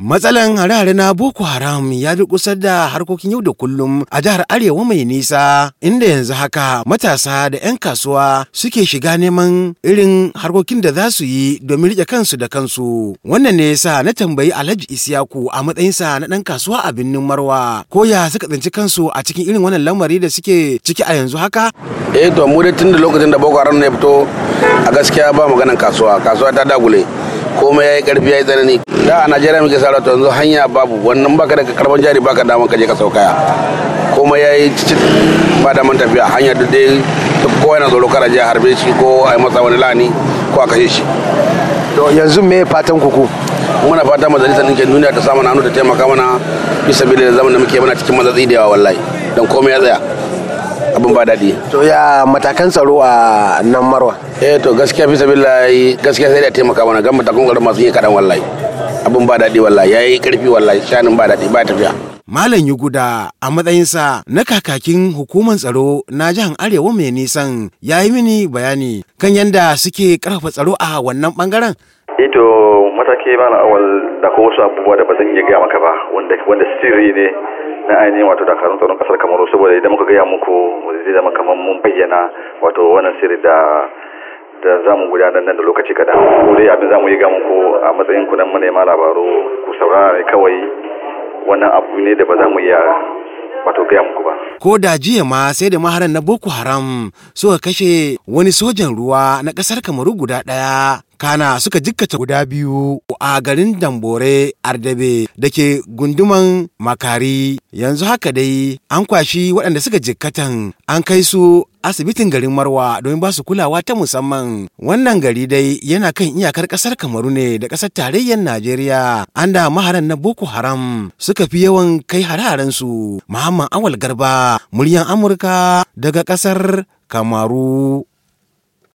Matsalan hare-hare na Boko Haram ya durƙusar da harkokin yau da kullum a jihar Arewa mai nisa, inda yanzu haka matasa da 'yan kasuwa suke shiga neman irin harkokin da za su yi domin riƙe kansu da kansu. Wannan ne yasa na tambayi Alhaji Isiyaku a matsayinsa na ɗan kasuwa a birnin Marwa, ko ya suka tsinci kansu a cikin irin wannan lamari da suke ciki a yanzu haka? Eh to mu dai tun da lokacin da Boko Haram ne fito a gaskiya ba maganan kasuwa, kasuwa ta dagule. komai ya yi karfi ya yi tsanani da a najeriya muke sara yanzu hanya babu wannan baka da karban jari baka damar kaje ka saukaya kuma ya yi ba daman tafiya hanya duk dai ko yana zoro kara je harbe shi ko a yi masa wani lani ko a kashe shi to yanzu me fatan kuku muna fata majalisar ɗinkin duniya ta samu hannu ta taimaka mana bisa bi da zaman da muke mana cikin matsatsi da yawa wallahi don komai ya tsaya abin ba daɗi. to ya matakan tsaro a nan marwa eh to gaskiya bisa billahi gaskiya sai da taimaka mana gan matakan tsaro masu yi kaɗan wallahi abin ba daɗi wallahi ya yi ƙarfi wallahi shanin ba daɗi ba tafiya. Malam Yuguda a matsayinsa na kakakin hukumar tsaro na jihar Arewa mai nisan ya yi mini bayani kan yadda suke ƙarfafa tsaro a wannan ɓangaren. Ito eh mataki mana awal da ko wasu abubuwa da ba zan iya gaya maka ba wanda wanda sirri ne na ainihin wato dakarun tsaron kasar Kamaru saboda idan muka gaya muku zai zama kamar mun bayyana wato wannan sirri da da za mu gudanar nan da lokaci kadan ko dai abin za mu yi ga muku a matsayin ku nan manema labaru ku saurara kawai wannan abu ne da ba za mu iya wato gaya muku ba. Ko da jiya ma sai da maharan na Boko Haram suka kashe wani sojan ruwa na kasar Kamaru guda ɗaya kana suka jikkata guda biyu a garin dambore ardabe da ke gunduman makari yanzu haka dai an kwashi waɗanda suka jikkatan an kai su asibitin garin marwa don ba su kulawa ta musamman wannan gari dai yana kan iyakar ƙasar kamaru ne da ƙasar tarayyar najeriya an da maharan na boko haram suka fi yawan kai hararensu, muhammad awal garba muryan amurka daga ƙasar kamaru